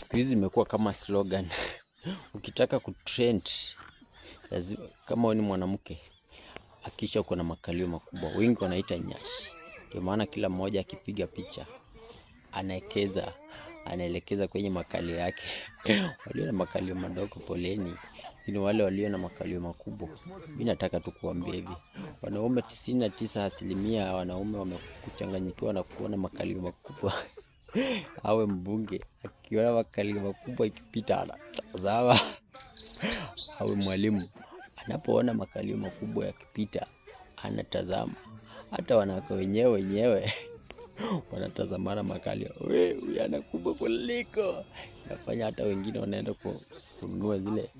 siku hizi imekuwa kama slogan ukitaka kutrend lazima, kama wewe ni mwanamke akisha uko na makalio makubwa, wengi wanaita nyashi. Ndio maana kila mmoja akipiga picha anaekeza anaelekeza kwenye makalio yake. walio na makalio madogo, poleni, ni wale walio na makalio makubwa. Mimi nataka tu kuambia hivi, wanaume tisini na tisa asilimia wanaume wamekuchanganyikiwa na kuona makalio makubwa. awe mbunge, akiona makali makubwa ikipita anatazama. Awe mwalimu, anapoona makalio makubwa yakipita anatazama. Hata wanawake wenyewe wenyewe wanatazamana makalio, we huyu anakubwa kubwa kuliko, nafanya hata wengine wanaenda kununua zile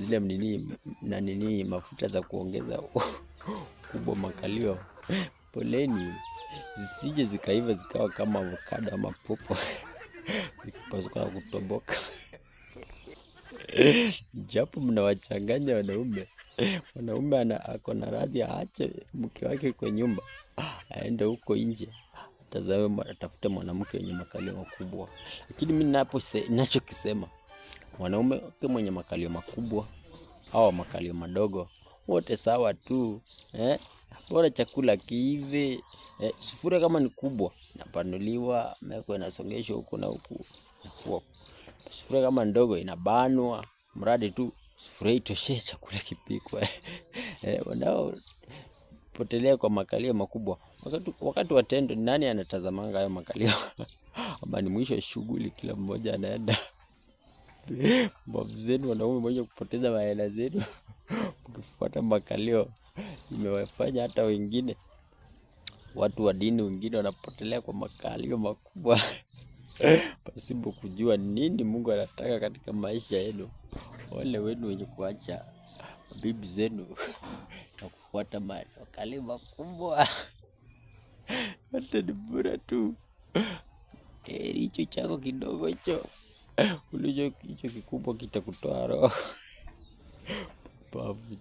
zile mnini na nini mafuta za kuongeza kubwa makalio. Poleni zisije zikaiva zikawa kama avocado ama popo zikipasuka kutoboka. Japo mnawachanganya wanaume. Mwanaume ana ako na radhi aache mke wake kwa nyumba, aende huko nje tazame, atafute mwanamke mwenye makalio makubwa. Lakini mimi ninapo ninachokisema ke mwenye makalio makubwa au makalio madogo wote sawa tu eh? Bora chakula kiive eh, sufuria kama ni kubwa inapanuliwa, meko inasongeshwa huku na huku, sufuria kama ndogo inabanwa, mradi tu sufuria itoshe chakula kipikwa eh, wanaopotelea kwa makalio makubwa wakati, wakati wa tendo, nani anatazamanga hayo makalio? Ama ni mwisho shughuli, kila mmoja anaenda mbavu zenu, wanaume mwenye kupoteza mahela zenu kupata makalio imewafanya hata wengine watu wa dini wengine wanapotelea kwa makalio makubwa pasipo kujua nini Mungu anataka katika maisha yenu. Wale wenu wenye kuacha bibi zenu na kufuata makalio makubwa hata ni bora tu heri hicho chako kidogo hicho ulicho hicho kikubwa kitakutoa roho. pas vous.